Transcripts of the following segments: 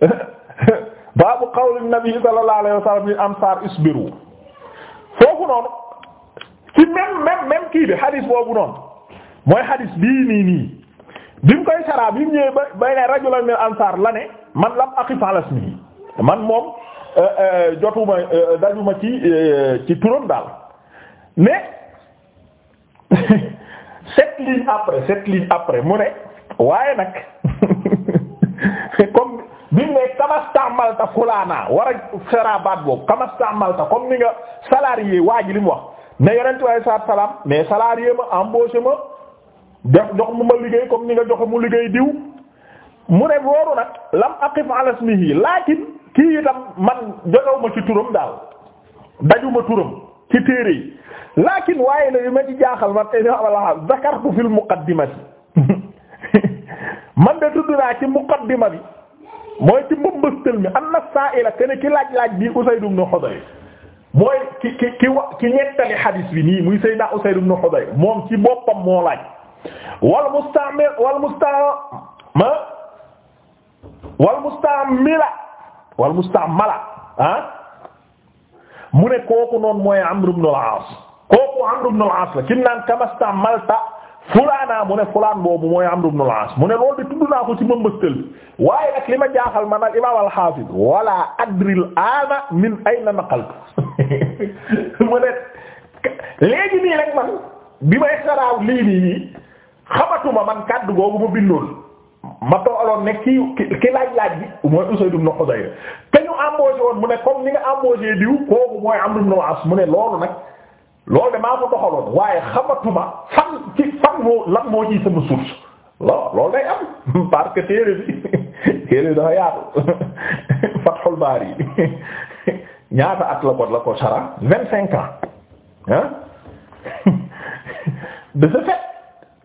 baabu qawli nabi sallallahu alayhi wa sallam lil ansaar isbiru foofu noonu ci même même même kii bi hadith boobu noonu mooy hadith bii nii nii bi mu koy saraa bi mu ñëwee ba bay ne rajulan min ansaar la ne man lam aqif ala ismihi man moom euh, euh, jotuma euh, dajuma ci ci turam daal mais sept lignes après sept lignes après mu ne waaye nag comme. bi mu ne kamastamalta fulaana war a sera baat boobu kamastamalta comme ni nga salarié waa ji li mu wax ne yonent waaye sa salaam mais salarié ma embauché ma def jox mu ma liggéey comme ni nga joxe mu liggéey diw mu ne booru nag lam aqif ala lakin kii itam man jogaw ma ci turam daal dajuma turam ci téere yi lakin waaye la yu ma ci jaaxal man inalaa zakartu fil muqaddimati man de tudd naa ci muqaddima bi mooy ci mbëmbëstal mi saa'ila kenn ki laaj laaj bii Usayd ibn Hudayr mooy ki ki ki wa ki ñettali xadis bi nii muy Sayyidina Usayd ibn Hudayr moom ci boppam moo laaj wal mustamil wal mustama wal mustamila wal ah mu ne kooku noonu mooy Amr ibn al-As kooku Amr ibn al-As la kim naan fulaanaa mu ne fulaan boobu mooy Amr ibn al mu ne loolu de tudd naa ko ci mbambastal bi waaye nag li ma jaaxal man al imaam al-Hafiz wala adril ana min ayna naqaltu mu ne léegi nii rek man bi may xaraaw lii nii xamatuma man kàddu googu ma bindoon ma toogaloon ne ki ki laaj laaj bi mooy Usayd ibn Hudayr te ñu mu ne comme ni nga embauché diw kooku mooy Amr mu ne loolu nag loolu de maa doxaloon waaye xamatuma fan ci fan moo lan moo ci sama source lo loolu day am parce téere bi téere bi dafa yaatu Fathul Bari ñaata at la ko la ko sara vingt cinq ans ah de ce fait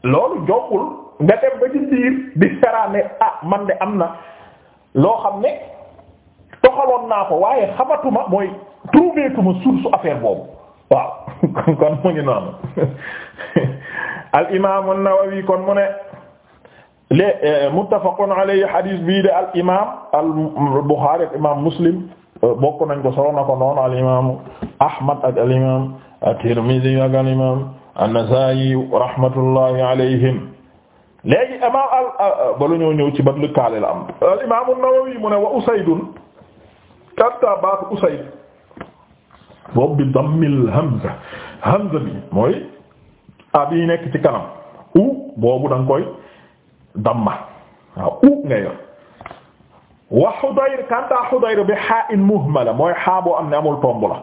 loolu jokkul nga dem ba ci biir di sara ne ah man de am na loo xam ne doxaloon naa ko waaye xamatuma mooy trouver tuma source affaire boobu waaw kon mu ngi noonu al imaam an-Nawawi kon mu ne le eh, muttafaqun alayhi hadith bii de al imaam al Bukhari Muslim eh, bokk nañ ko solo na ko noonu al Ahmad al imaam at-Tirmidhi ak al imaam al eh, bala ñoo ñëw ci ban am al imaam an-Nawawi mu ne wa Usaydun katta baatu Usayd boobu bi dammil hamza hamza bi mooy ab yi nekk ci kanam u boobu da nga koy damma u nga wa Hudayr kanta Hudayr bi haa'in muhmala mooy xaa boo am ne amul tomb la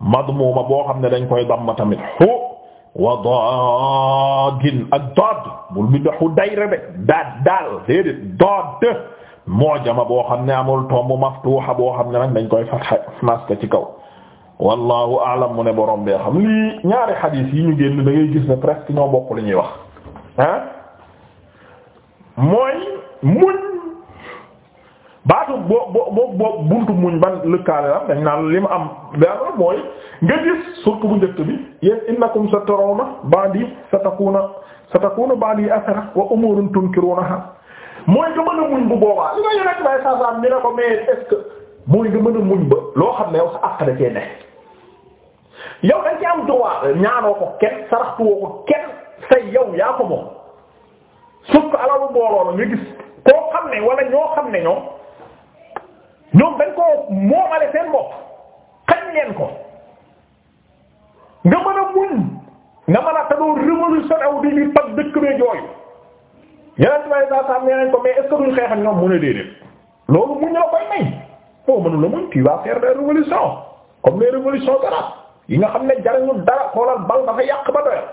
madmuuma boo xam ne dañ koy damma tamit hu wa daagin ak dood bul mi de Hudayr de daad daal déedéet boo xam ne amul tomb maftuuha boo xam ne nag dañ koy fatha maska ci kaw wallahu aalam mu ne borom bee xam lii ñaari xadiis yi ñu génn da gis ne presque ñoo bokk li ñuy wax ah mooy muñ baatu bo bo bo buntu muñ ban lëkkaale la dañ naan li mu am benn mooy nga gis surtout bu njëkk bi yéen innakum satarawna ba'di satakuna satakuna ba'di athara wa umurun tunkirunaha mooy nga mën a muñ bu boobaa li nga yore ak may sasam ñu ne ko mais est mooy nga mën a muñ ba loo xam ne yow sa àq da cee ne yow dañ ci am droit ñaanoo ko kenn saraxtuwoo ko kenn say yow yaa ko moom suuf ko alalu mbooloo la nga gis koo xam ne wala ñoo xam ne ñoom nga a muñ nga mën a tadoo révolution aw di li pag dëkk be jooy yeneen tubaab saa saa nee nañ ko mais est-ce que loolu muñ la koy may. boo mënu la muñ tu vas faire des révolutions comme les révolutions arabes yi nga xam ne jariñu dara xoolal bal dafa yàq ba doyal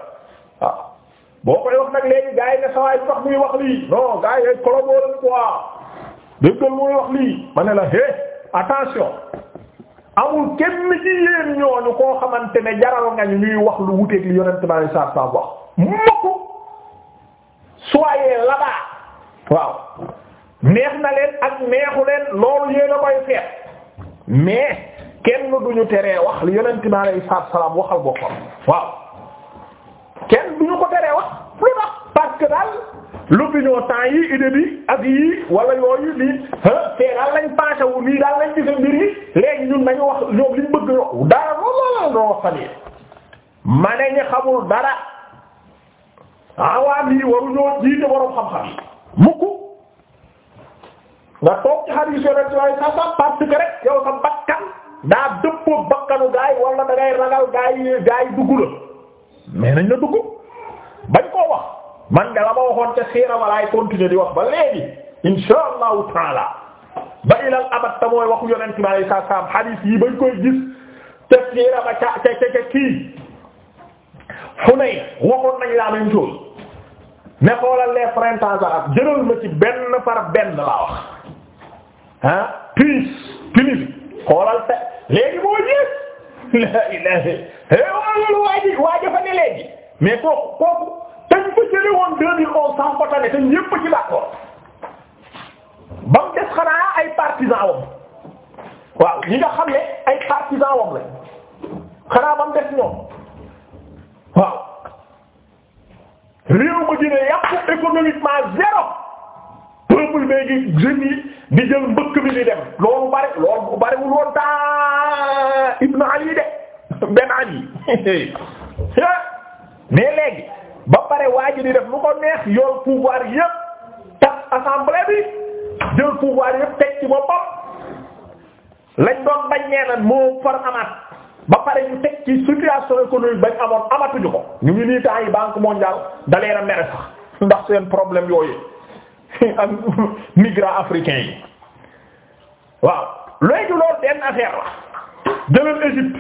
ah, boo koy wax nag léegi gars yi ne sawaay bi wax muy wax lii non gars yi ay collaborer quoi déggal muy wax lii ma ne la hé attention amul kenn ci yéen ñooñu koo xamante ne jaral nga ñu ñuy wax lu wuteeg li yonent bari saab saab wax mukk soyez là-bas waaw neex na leen ak neexu leen loolu yéen a koy feet mais kenn duñu teree wax li yonent bi alayhi salaam waxal boppam waaw kenn duñu ko teree wax lu tax parce que daal l'opinion temps yi idée bi ak yi wala yooyu lii fee daal lañ passé nii daal lañ gis mbir yi léegi ñun nañu wax ñoom liñ bëgg yow dara looloo la doon wax fan ma ne ñu xamul dara awaam yi waruñoo jiite borom xam-xam mukk nga toog ci xadiis yonent bi sallallahu alayhi wa sallam parce que rek yow sa bakkan daa dëppoo bakkanu gaay wala da ngay ragal gaay gaay dugg la mais nañ la dugg bañ koo wax man nga la ma waxoon ca siira walaay continuer di wax ba léegi insha allahu taala ba ilal abad ta mooy waxu yonent bi sallallahu alayhi wa sallam xadiis yi bañ koy gis ca siira ba ca ca ca kii Hunayn waxoon nañ la même chose ne xoolal les printemps arabes jëral ma ci benn par benn laa wax. ah Tunis Tunisie xoolal te léegi moo gis la ilaha eh, waaloolu waaji waaja fa ne léegi mais kooku kooku tañ fa jële woon deux mille onze cent kotane te ñépp ci d'accord ba mu des xanaa ay partisan wam waaw ñi nga xam ne ay partisan wam la xanaa ba mu des ñoom waaw réew ma dina yàqu économiquement amul léegi jeunes yi di jël mbëkk mi dem loolu bari loolu bariwul woon taa Ibn Ali de Ben Ali mais léegi ba pare waa ji di def ko neex yor pouvoir yépp tax assemblée bi jël pouvoir yépp teg ci boppam lañ doon bañ neenan moo far amaat ba pare ñu teg ci situation économique bañ amoon amatuñu ko ñu ngi nii temps dalee na mere sax ndax seen problème yooyu ak migrants yi waaw léegi loolu benn affaire la jëlal Égypte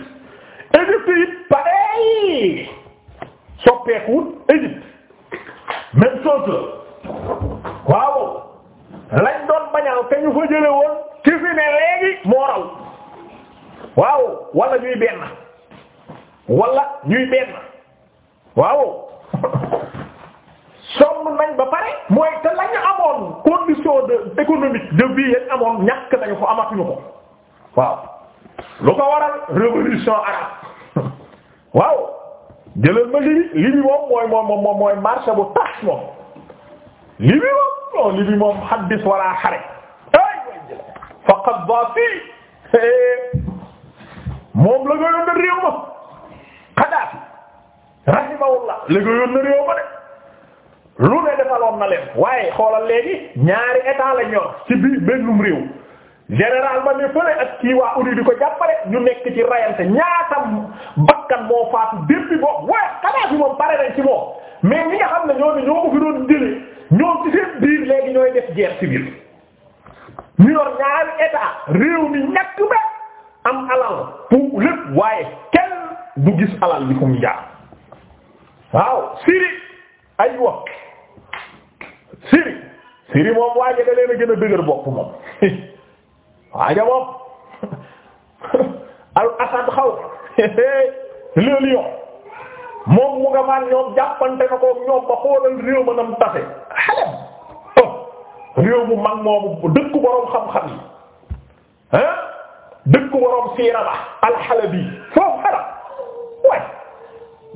Égypte yi pareil soppeekuwut Égypte même chose la waaw lañ doon bañal te ñu fa jële woon ci fi ne léegi moo raw waaw ñuy benn wala ñuy benn waaw sonn nañ ba pare mooy te lañu amoon condition de économique de vie amoon ñàkk nañu ko amatuñu ko waaw lu ko waral révolution arabe waaw jëlal ma Libye Libye moom mooy mooy marché bu tas moom Libye moom moom xaddis wala xare ay way faqad moom la nga yoon na réew ma Kadhafi rahimahullah la nga yoon na réew ma de lu ne defaloon na leen waaye xoolal léegi ñaari état la ñor ci biir bennum réew général ba ne fële ak kii waa uni di ko jàppale ñu nekk ci rayante ñaatam bakkan moo faatu depuis boobu waaye xanaa fi moom pare nañ ci moom mais ñi nga xam ne ñoo ne ñoo ko fi doon jëlee ñoom ci biir léegi ñooy def guerre civile ñu yor ñaari état réew mi ñàkk ba am alal pour lépp waaye kenn du gis alal bi fu mu jaar waaw Syrie aywa firi moom waaja da leen a gën a dëgër bopp moom waaja moom al asad xaw le moom mu nga maan ñoom jàppante na ko ñoom ba xoolal réew ma nam tase xalem oh. réew mu mag moomu dëkku boroom xam-xam yi ah dëkku boroom siira la al Halabi foofu xaram waay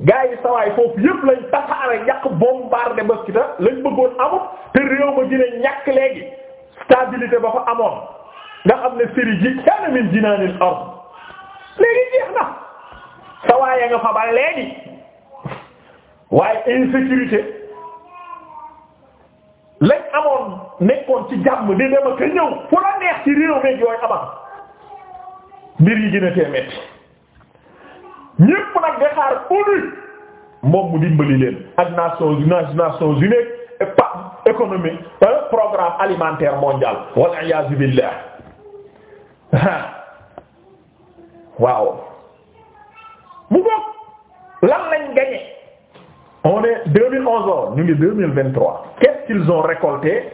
gaa yi sawaay foofu yëpp lañ tasaare yàq bombardé Mosquita lañ bëggoon amut te réew ma dina ñàkk léegi stabilité ba ko amoon nga xam ne Syrie ji kaana min jinaanil ard léegi jeex na sawaay a nga fa ba léegi waaye insécurité lañ amoon nekkoon ci jàmm di dem ak ñëw fu la neex ci réew meeg yooyu amal mbir yi gën a tee ñépp nag di xaar ONU moom mu dimbali leen ak Nations Unies Nations Unies et pas économie programme alimentaire mondial wal iyaazu billah waaw mu bokk lan lañ gagné on est 2011 ñu ngi 2023 qu'est-ce qu'ils ont récolté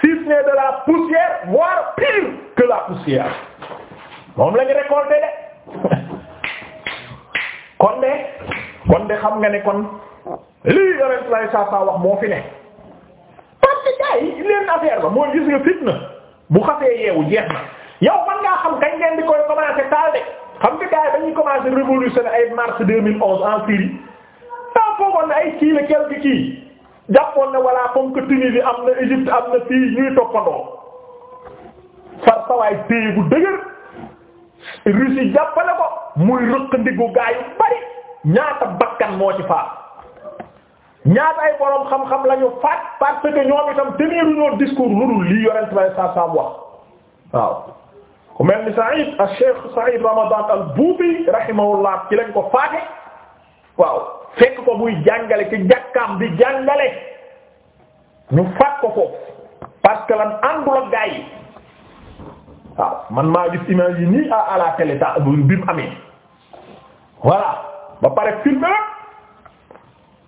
si ce n'est de la poussière voire pire que la poussière moom lañ récolté de kon de kon de xam nga ne kon lii yonent saa saa wax moo fi ne parce que gars yi leen affaire ba moo gis nga fitna bu xasee yeewu jeex na yow man ngaa xam nga ngeen di koy commencé taal de xam nga gars yi dañuy commencé révolutionner ay mars 2011 en Syrie daa foogoon ne ay kii la quelque kii jàppoon ne voilà comme que Tunisie am na Égypte am na fii ñuy toppandoo far sawaay téye bu dëgër. Russie jàppale ko muy rëq ndiggu gaa yu bari ñaata bakkan moo ci faat ay borom xam-xam lañu faat parce que ñoom itam teniruñoo discours lu dul lii yorent lay saa saa wax waaw ku mel ni Saïd al-Cheikh Saïd Ramadan al-Bouti rahimahullah ci lañ ko faate waaw fekk ko muy jàngale ci jàkkaam di jàngale ñu faat ko foofu parce lan àndul ak gaa yi waaw man maa gis image a nii à à la ta bi mu amee voilà ba pare filmé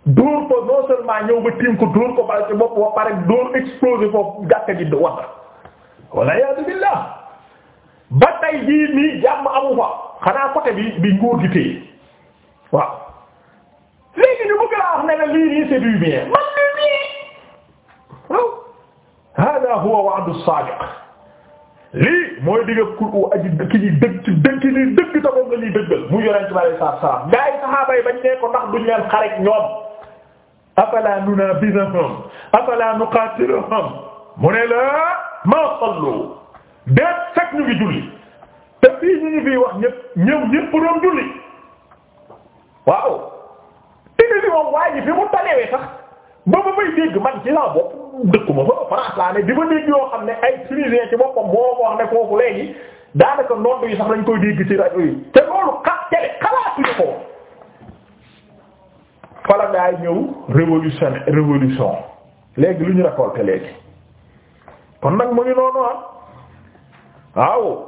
dóor ko non seulement ñëw ba tiim ko dóor ba ci pare dóor explosé foofu gàkka ji wax wala yaa billah ba tay jii nii jàmm amu fa xanaa côté bi bi nguur gi téye waaw léegi ñu bëgg laa wax lii nii c'est du bien man du bien waaw hada huwa wa'du sadiq lii mooy digga ku aji ki ñuy dëgg ci dëgg ci ñuy dëgg te moom la ñuy dëggal mu yonent bi alayhi salaatu salaam gaa yi saxaaba yi bañ ne ko ndax duñ leen xarek ñoom afala nunabizuhum afala nuqatiluhum mu ne la ma sallu déet fekk ñu ngi julli te fii ñu ngi fii wax ñëpp ñëw ñëpp doon julli waaw digg moom waa ji fi mu tanewee sax ba ma may dégg man ci laa bopp dëkkuma fa France laa ne di ma dégg yoo xam ne ay tunisien ci boppam moo ko wax ne foofu léegi daanaka nodd yi sax lañ koy dégg ci rajo yi te loolu xa tele xalaatuñu ko fala ngaay ñëw révolution révolution léegi lu ñu récolté léegi kon nag mu ngi noonu ah waaw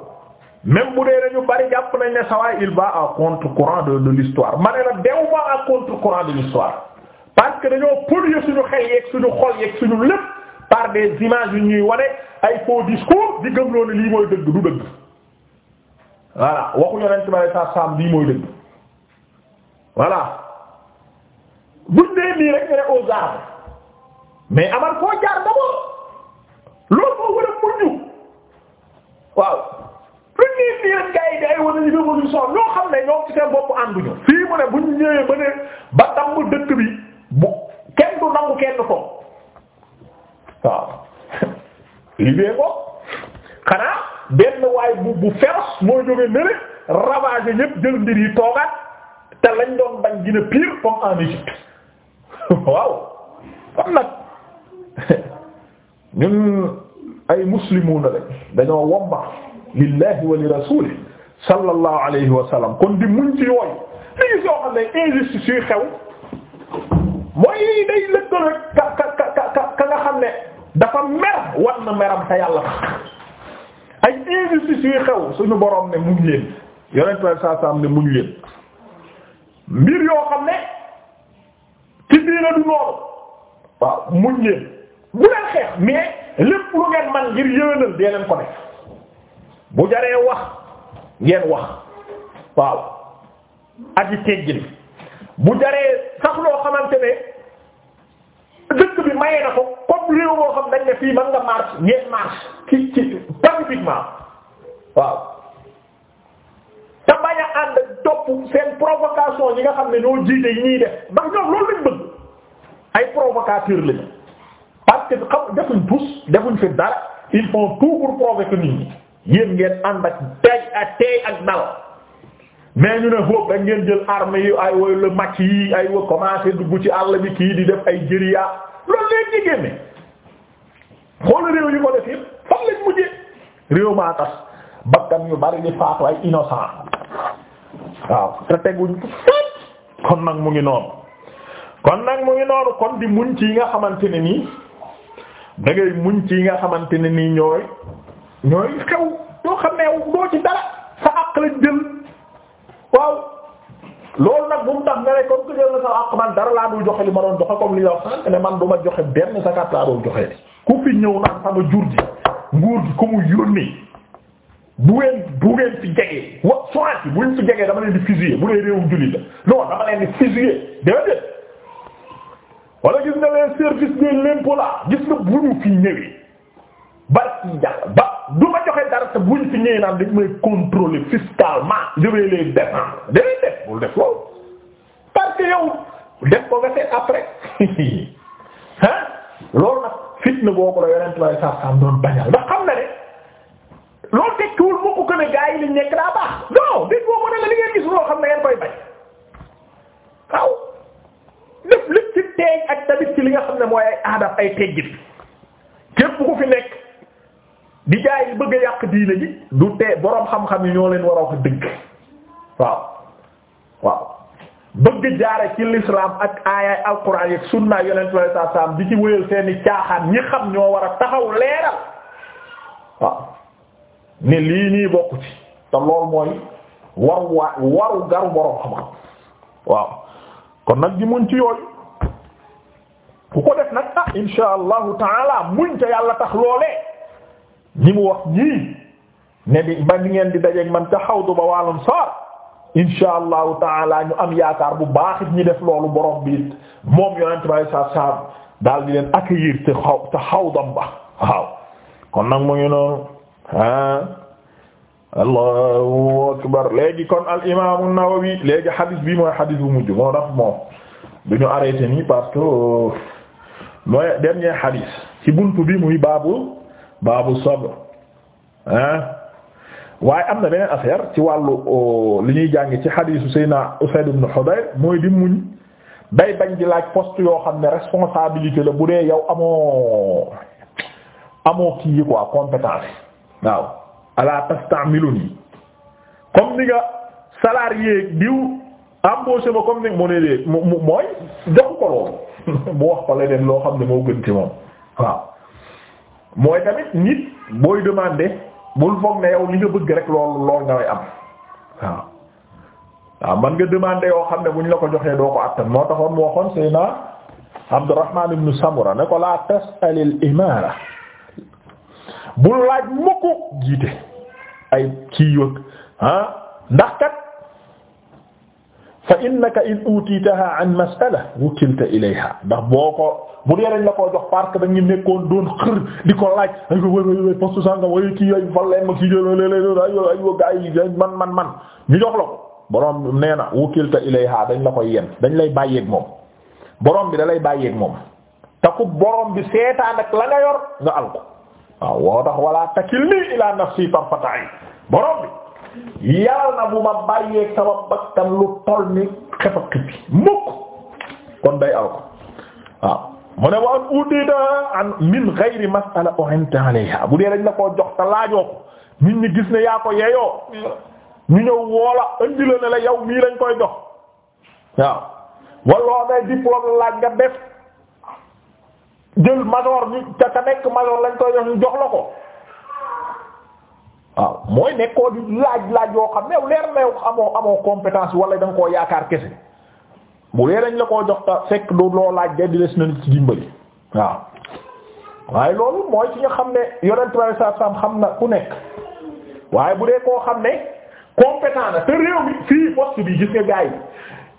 même bu dee dañu bari jàpp nañ ne sawaay il va à contre courant de de l'histoire ma ne la dew ba à contre courant de l'histoire parce que dañoo polluer suñu xel yeeg suñu xol yeeg suñu lépp par des images yu ñuy wane ay faux discours di gëmloo ne lii mooy dëgg du dëgg voilà waxu yonent bi alayhi salaatu salaam lii mooy dëgg voilà buñ dee nii rek nga ne aux mais amal koo jaar d'abord loolu moo war a ñu waaw buñ dee nii rek gars yi day wane li nga mën a ñoo xam ne ñoo ci seen bopp ànduñu fii mu ne buñ ñëwee ba ne ba tàmm dëkk bi. bu kenn du nangu kenn toog waaw libee ko xanaa benn waay bu bu féroce moo jógee nële ravager ñépp jël mbir yi toogaat te lañ doon bañ gën a pire comme en waaw kon ay muslimuuna lañ dañoo womba lillahi wa li rasuli sallallahu alayhi wa sallam kon di muñ ci yooyu li gis yoo xam ne injustice yuy xew mooy day lëkkal rek ka ka ka ka nga xam ne dafa mer war na meram te yàlla ay injustice yu xew suñu borom ne muñ leen yonent saa saa ne muñ leen mbir yoo xam ne ci diina du noonu waaw muñ leen bu leen xeex mais lépp lu ngeen man ngir yëwénal dee leen ko def bu jaree wax ngeen wax waaw ak yi teggin bu jaree sax loo xamante ne dëkk bi maye na ko comme réew moo xam dañ ne fii mën nga marche ngeen marche ci ci pacifiquement waaw te bañ a ànd topp seen provocation yi nga xam ne ñoo jiite yi ñuy def ndax ñoom loolu lañ bëgg ay provocateurs lañu parce que xam defuñ tous defuñ fi dara tout pour provoquer nit ngeen ànd a tey ak tey ak dal mais ñu ne foofu rek ngeen jël armes yi ay wa le match yi ay wa commencé dugg ci àll bi kii di def ay jëriya loolu leen ñi génne xoolu réew yi ko def yëpp fan lañ mujjee réew maa tas bakkan yu bari di faatu ay innocent waaw te teguñ kon nag mu ngi noonu kon nag mu ngi noonu kon di muñ ci yi nga xamante ne nii da ngay muñ ci yi nga xamante ne nii ñooy ñooy xew yoo xam ne doo ci dara sa àq lañ jël waaw loolu nag bu mu tax nga ne comme jël na sa àq man dara laa dul joxe li ma doon joxe comme li nga wax sànq ne man du ma joxe benn zakat laa doon joxe ku fi ñëw naan sama jur ji nguur gi ku mu yónnee bu ngeen bu ngeen fi jegee wa bu ñu fi jegee dama leen di fusiller bu dee réewum jullit la non dama leen di fusiller déedéet wala gis nga les services de l'impôt la gis nga bu ñu fi ñëwee ba ci jàll ba. du ma joxe dara bu buñ fi ñëwee naan dañ may contrôler fiscalement je vais les défendre dañuy def bul def loolu parce que def ko nga seet après ah loolu nag fitna boo ko la yonent way sarsam doon bañal ndax xam na ne loolu tekkiwul moo ko gën a gaa yi liñ nekk daa baax non dét boo ne li ngeen gis loo xam ne ngeen koy lépp li nga xam ne mooy ay aadam ay teggit képp ku fi nekk di jaay bëgg yàq diine ji du tee boroom xam-xam yi ñoo leen war a wax dëgg waaw waaw bëgg jaare ci l'islam ak aayaay alquran yeeg sunna yonent sallallahu alayhi wasallam di ci wéyal seeni caaxaan ñi xam ñoo war a taxaw leeral waaw ne lii nii bokku ci te lool mooy waru waa waru garu boroom xam-xam waaw kon nag di muñ ci yooyu ku ko def nag ah, insha allahu taala muñ ca yàlla tax loolee ñi mu wax ñii ne di ba di ngeen di dajeeg man ca xawdu ba wàllum soor insha allahu taala ñu am yaakaar bu baax it ñi def loolu borom bi moom yonent bay sa saab daal di leen accueillir te xaw te xawdam ba waaw kon nag mu ngi noonu ah allahu akbar léegi kon al imaamu Nawawi léegi xadis bi mooy xadis bu mujj moo tax moom du ñu arrêté nii parce que euh, mooy dernier xadis ci buntu bi muy baabu. baabu sabr ah waaye am na beneen affaire ci wàllu li ñuy jàng ci xadiisu Seydina Usayd ibn Hudayr mooy di muñ day bañ di laaj poste yoo xam ne responsabilité la bu dee yow amoo amoo kii yi quoi compétence waaw ala tastamiluni comme ni nga salarié diw embauché ma comme ni mu ne de mooy jox ko loolu mu wax ko leneen loo xam ne moo gën ci waaw mooy tamit nit booy demander bul foog ne yow li nga bëgg rek lool lool nga way am waaw waaw man nga demander yoo xam ne bu ñu la ko joxee doo ko attan moo taxoon mu waxoon Seydina Abdurrahman ibn Samura ne ko la tas'alil imara bul laaj mukk jiite ay kii yëg ah ndax kat fa innaka in utiitaha an mas'ala wukilta ilayha ndax boo ko bu dee dañ la koo jox parce que dañu nekkoon doon xër di ko laaj ay way way way poste sanga way kii ay fal leen ma kii man man man ñu jox la ko boroom nee na wukilta ilayha dañ la koy yen dañ lay bàyyeeg moom boroom bi da lay bàyyeeg moom te ku boroom bi seetaan ak la nga yor nga al ko waaw woo tax wala takilni ila nafsi tarfatay boroom bi yàlla na bu ma bàyyeeg sama bakkan lu toll ni xef ak mukk kon day aw ko waaw mu ne waan udida an min ghayri mas'ala uhanta bu dee dañ la koo jox te laajoo ko nit ñi gis ne yaa ko yeyoo ñu ñëw woola indi la ne la yow mii lañ koy jox waaw walla day diplôme laaj nga def jël major ñu ca ka nekk major lañ koy jox ñu jox la ko waaw mooy nekkoo di laaj laaj yoo xam ne yow leer na yow amoo amoo compétence wala da koo yaakaar kese bu dee dañ la koo jox ta fekk du loo laaj de di les na ci dimbali waaw waaye loolu mooy ci nga xam ne yonent bi saa saam xam na ku nekk waaye bu dee koo xam ne compétent na te réew mi fii poste bi gis nga gars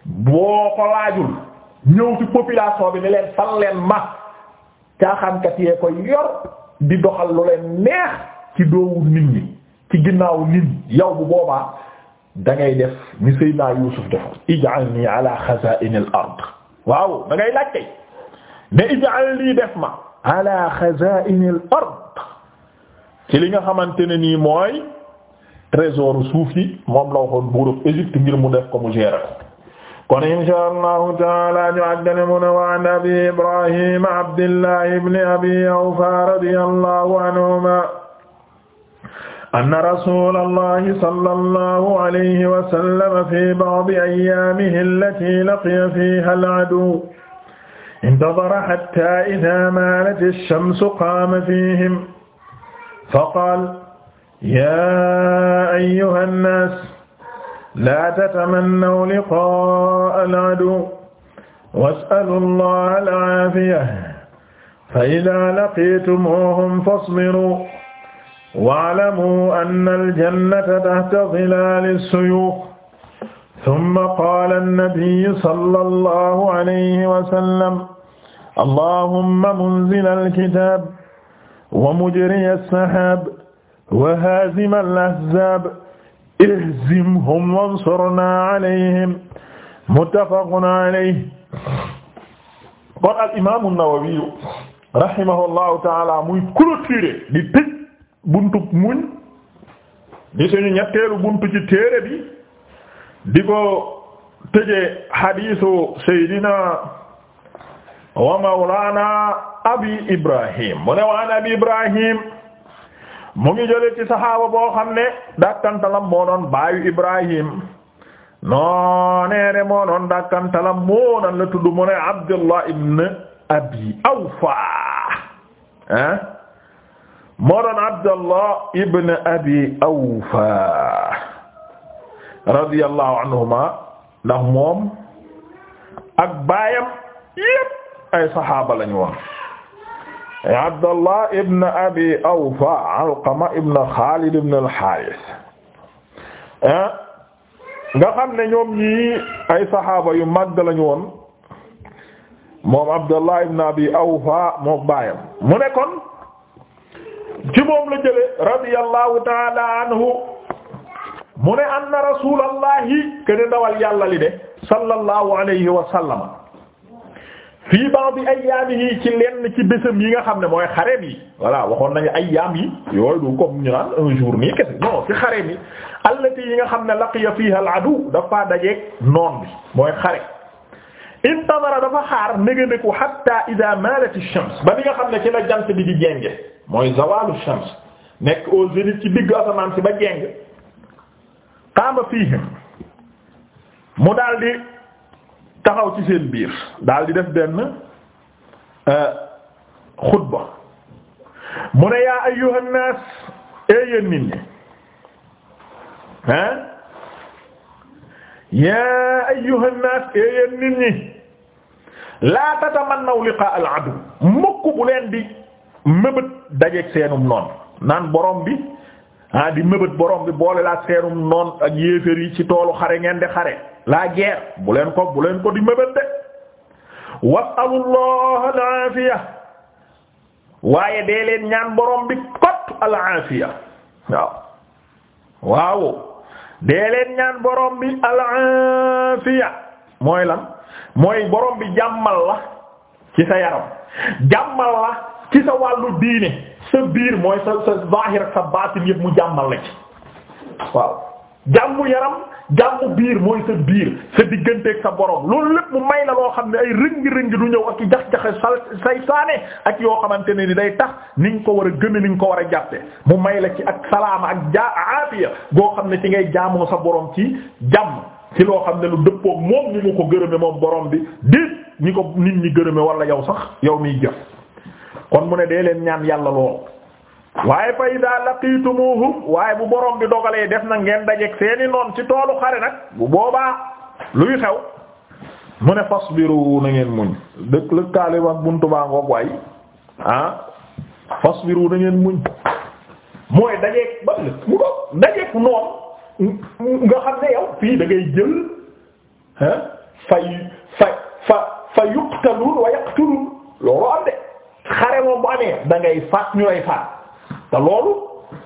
boo ko laajul ñëw ci population bi ne leen fal leen ma caaxaankat yee ko yor di doxal lu leen neex ci doowu nit ñi. ci ginnaaw nit yow bu boobaa da ngay def ni Seydina Yuusuf defal ij'alni ala xazaa'ini al-ard waaw da ngay laajte ne ij'alni def ma ala xazaa'ini al-ard ci li nga xamante ne nii mooy trésor suuf yi mu def ko mu gérer kon insha allahu taala ñu àggale mu ne an abi Ibrahim Abdillah ibn abi Awfa radiyallahu anhuma anna rasulallahi sallallahu alayhi wa sallam fi ba'di ayyaamihi allati laqiya fiha al-aduww intadara hatta idha maalat ash-shamsu qaama fihim faqaala yaa ayyuha nnaas laa tatamannaw liqaa'a al-aduww was'alu allaha al-'aafiyata fa idha laqiitumuuhum fasbiruu wa'lamuu anna al-jannata tahta zilaali as-suyuuf summa qaala an-nabiyyu sallallahu alayhi wa sallam allahumma munzila al-kitaab wa mujriya as-sahaab wa haazima al-ahzaab ihzimhum wansurnaa alayhim muttafaqun alayhi qaala al-imaamu an-nawawi rahimahullahu ta'aala muy clôturer di tëj buntu muñ di suñu buntu ci téere bi di ko tëje hadiisu seydina wa mawlaana abi ibrahim mu ne waan abi ibrahim mu ngi jële ci saxaaba boo xam ne dàkkantalam moo doon baayu ibrahim nooneene moo doon dàkkantalam moo nan la tudd mu ne abdullah ibn abi awfa ah moo doon Abdallah ibn Abi Awfa radiyallahu anhuma ndax moom ak baayam yépp ay saxaaba lañu woon Abdallah ibn Abi Awfa Alqama ibn Xaalid ibn al-Haaris ah, nga xam ne ñoom ñii ay saxaaba yu mag lañu woon moom Abdallah ibn Abi Awfa moo baayam mu ne kon ci moom la jële radiyallahu taala anhu mu ne anna rasulallahi kene dawal yàlla li de sallallahu alayhi wa sallama fii ba'di ayyaamihi ci lenn ci bésam yi nga xam ne mooy xareem yi voilà waxoon na ayyaam yi yooyu du comme ñu naan un kese non ci xareem yi allati yi nga xam ne laqiya fiha al-adu dafa dajeeg noon bi mooy xare intadara dafa xaar négandeku hatta idha malat ash-shams ba li nga xam ne ci la jant bi di jenge mooy zawalu shams nekk au ci diggu asamaan si ba jeng qaama fihim mu daal di taxaw ci seen biir daal di def benn euh, xutba mu ne yaa ayyuha nnaas nit ñi ah yaa ayyuha nnaas nit ñi laa tatamannaw liqaa al adu mukk bu leen di. mëbët dajeeg seenum noon naan borom bi ah di mëbët borom bi boole laa seenum noon ak yéeféer yi ci toolu xare ngeen di xare la guerre bu leen ko bu leen ko di mëbët de wasalullah alaafiya al dee leen ñaan bi kot alaafiya waaw waaw dee leen ñaan borom bi alaafiya mooy lan mooy borom bi jàmmal la ci sa yaram jàmmal la ci sa wàllu diine sa biir mooy sa sa zahir ak sa baatin yëpp mu jàmmal la ci waaw jàmm yaram jàmm biir mooy sa biir sa digganteeg sa borom loolu lépp mu may la loo xam ne ay rëngi-rëngi du ñëw ak i jax-jaxe sa say saane ak yoo xamante ne ni day tax ni nga ko war a gëme ni nga ko war a jàppe mu may la ci ak salaama ak ja aafiya goo xam ne ci ngay jaamoo sa boroom ci jàmm ci loo xam ne lu dëppoo moom ni mu ko gërëme moom borom bi déet ñi ko nit ñi gërëme wala yow sax yow miy jëf kon mu ne dee leen ñaan yàlla lool waaye fa idaa laqitumuhum waaye bu borom bi dogalee def na ngeen dajeek seeni noon ci toolu xare nag bu boobaa luy xew mu ne fasbiru na ngeen muñ buntu baa ngoog waay ah fasbiru na ngeen muñ mooy dajeek ba dajeek noon nga xam ne yow fii da jël ah, fay fa fa fa yuqtalun wa yaqtulun loolu am de xare moom bu amee da faat ñu lay faat te loolu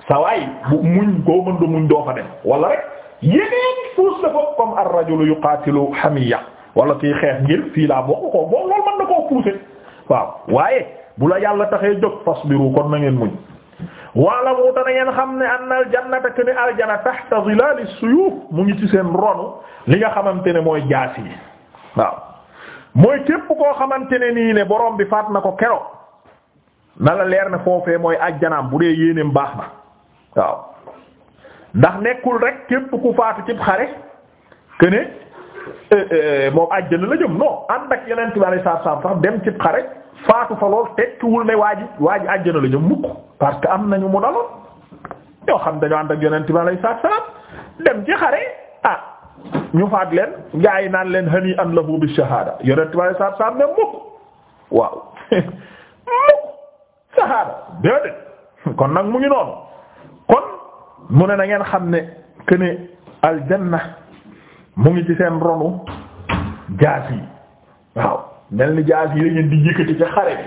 sa waay bu muñ koo mën da muñ doo fa dem wala rek yeneen fuus la ko comme ar rajulu yuqatilu hamiya wala kii xeex ngir fii laa bokk ko boo loolu mën na koo puuse waaw waaye bu la yàlla taxee jóg fasbiru kon na ngeen muñ waala muuta na ngeen xam ne anna aljannata kene aljana tahta zilal suyuf mu ngi ci seen ronu li nga xamante ne mooy jaas yi waaw mooy képp koo xamante ne nii ne borom bi faat na ko kero na la leer ne foofee mooy ajjanaam bu dee yéeneem baax na waaw ndax nekkul rek képp ku faatu cib xare que euh, euh, moom ajjana la jëm non yeneen tubaab yi saaf dem cib xare faatu fa lool tekkiwul ne waa ji waa la jëm mukk am nañu mu daloon xam dañoo ànd ak yeneen tubaab yi saaf saaf dem ci xare ah ñu faat leen gaa yi naan leen hani an lahu bi shahada yeneen tubaab yi saaf ne mukk waaw saxaaba déedéet kon nag mu ngi noonu kon mu ne na ngeen xam ne que aljanna mu ngi ci seen ronu jaas yi waaw mel ni jaas yi la di yëkkati ci xare bi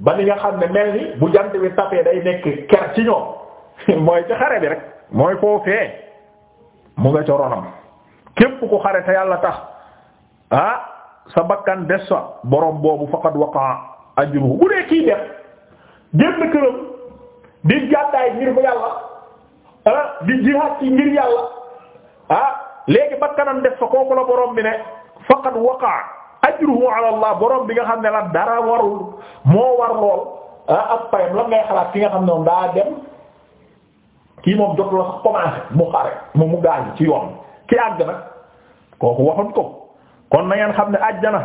ba ni nga xam ne mel ni bu jant bi tapé day nekk ker ci ñoom mooy ci xare bi rek mooy foofee mu nga ca ronam képp ku xare te yàlla tax ah sa bakkan des sa borom boobu faqad waqa ajruhu bu dee kii def génn këram di gàddaay ngir yàlla ah di jihaad ci ngir yàlla ah léegi bakkanam def fa kooku la borom bi ne faqad waqaa ajruhu ala allah borom nga xam ne la dara warul moo war lool ah ak payam lan xalaat ki nga xam ne moom daa dem kii moom jox la commencé mu xare mu mu gaañ ci yoon ki àgg nag kooku waxoon ko kon na ngeen xam ne àjjana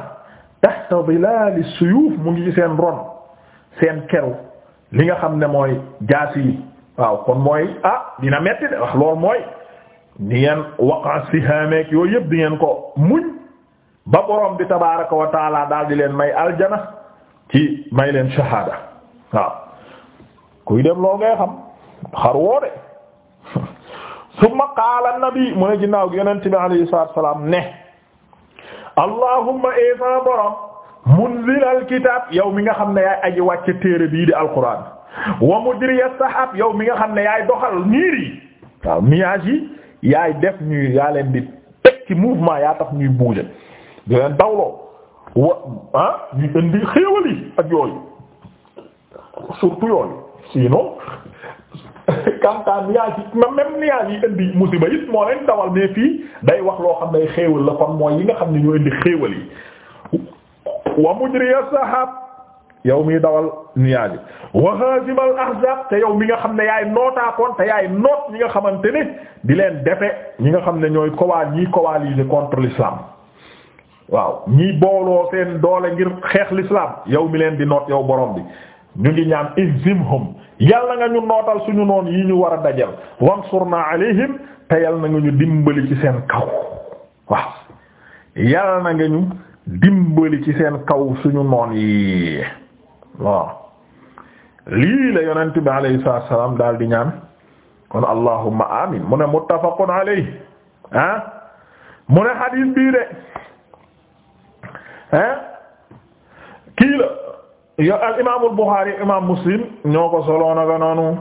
tahta dhilal as-suyuf mu ngi ci seen ron seen keru li nga xam ne mooy jaasi yi waaw kon mooy ah dina metti de wax lool mooy di ngeen waqa sihaameek yooyu yëpp di ko muñ ba borom bi tabaaraka wa daal di leen may aljana ci may leen shahaada waaw kuy dem lool ngay xam xar woo de summa qaala nabi mu ne ginnaaw gi yonent bi alayhi salaatu ne allahumma eefaa eh, borom munzilal kitaab yow mi nga xam ne yaay aji wàcce téere bii di alquran wa mujriya sahab yow mi nga xam ne yaay doxal niir yi waaw nuages yi yaay def ñuy yaa leen di teg ci mouvement yaa tax ñuy bouger di leen dawloo ah ñu indi xéewal yi ak yooyu surtout yooyu sinon kantaan nuages yi même nuages yi indi musiba it moo leen dawal mais fii day wax loo xam ne xéewal la kon mooy yi nga xam ne ñoo indi xéewal yi wa mujriya sahab yow mii dawal nuages yi wa te yow mi nga xam ne yaay nootaakoon te yaay noot ñi nga xamante ni di leen defe ñi nga xam ne ñooy kowaal ñiy coaliser contre l'islam waaw ñiy booloo seen doole ngir xeex lislaam yow mi leen di noot yow boroom bi ñu ngi ñaan ihzimhum yàlla nga ñu nootal suñu noon yi ñu war a dajal wansurna alayhim te yàlla na nga ñu dimbali ci seen kaw waaw yàlla na nga ñu dimbali ci seen kaw suñu noon yi waaw lii la yonent bi alayhi salaam daal di ñaan kon amin mu ne muttafaqun alayhi ah mu ne xadiis bii de ah kii la al imaamul Buxaari imaam Muslim ñoo ko soloon a noonu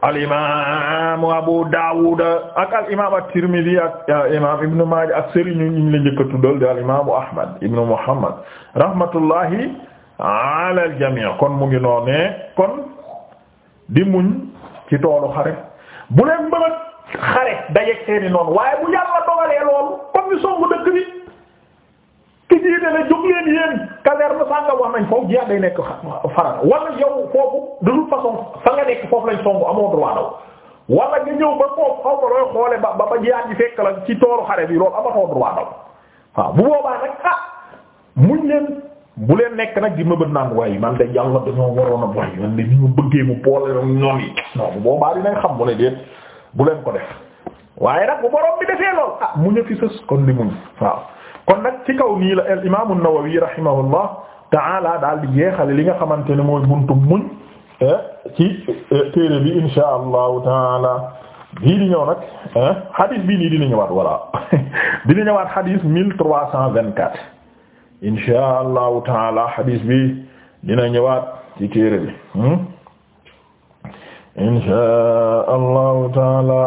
al imaam Abu Daawud ak al imaam at-Tirmidhi ak imaam Ibn Maaja ak sëriñ ñu ñu la njëkk a al imaamu Ahmad ibn Muhammad rahmatullahi ala jamii kon mu ngi noonee kon di muñ ci toolu xare bu leen mën xare dajeeg seeni noonu waaye bu Yàlla dogalee loolu comme ni songu dëkk bi. ki jiite la jóg leen yéen caserne sàngam wax nañ foofu jiyaat day nekk farata wala yow foofu de toute façon fa nga nekk foofu lañ songu amoo droit daw wala nga ñëw ba foofu xaw ma looy xoole ba ba jiyaat ji fekk la ci toolu xare bi loolu amatoo droit daw waaw bu boobaa nag ah muñ leen bu leen nekk nag di ma bët naan waaye man de yàlla dañoo waroon a waaye man de boobaa dinañ xam mu ne déet bu leen ko def waaye nag bu borom bi defee lool ah muñ a sës kon di muñ waaw kon nag ci kaw nii la al imaamu Nawawi ta'ala daal di jeexale li nga xamante ne mooy buntu muñ eh, ci eh, téere bi insha allahu taala bii di ñëw nag eh, hadith bii nii dina ñëwaat voilà dina ñëwaat hadith mil trois cent vingt quatre insha allahu taala hadith bi dina ñëwaat ci téere bi hmm? insha allahu taala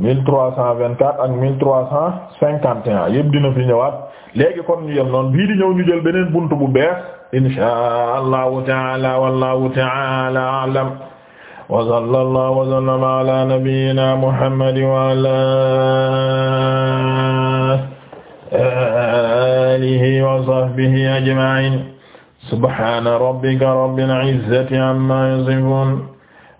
1324 ak 1351 yëpp dina fi ñëwaat léegi kon ñu yem noonu bii di ñëw ñu jël beneen buntu bu bees inshaa allahu taala wallahu taala alam wa sallallahu wa sallama ala nabiyyina muhammadin wa ala alihi wa sahbihi ajma'in subhana rabbika rabbil izzati amma yasifun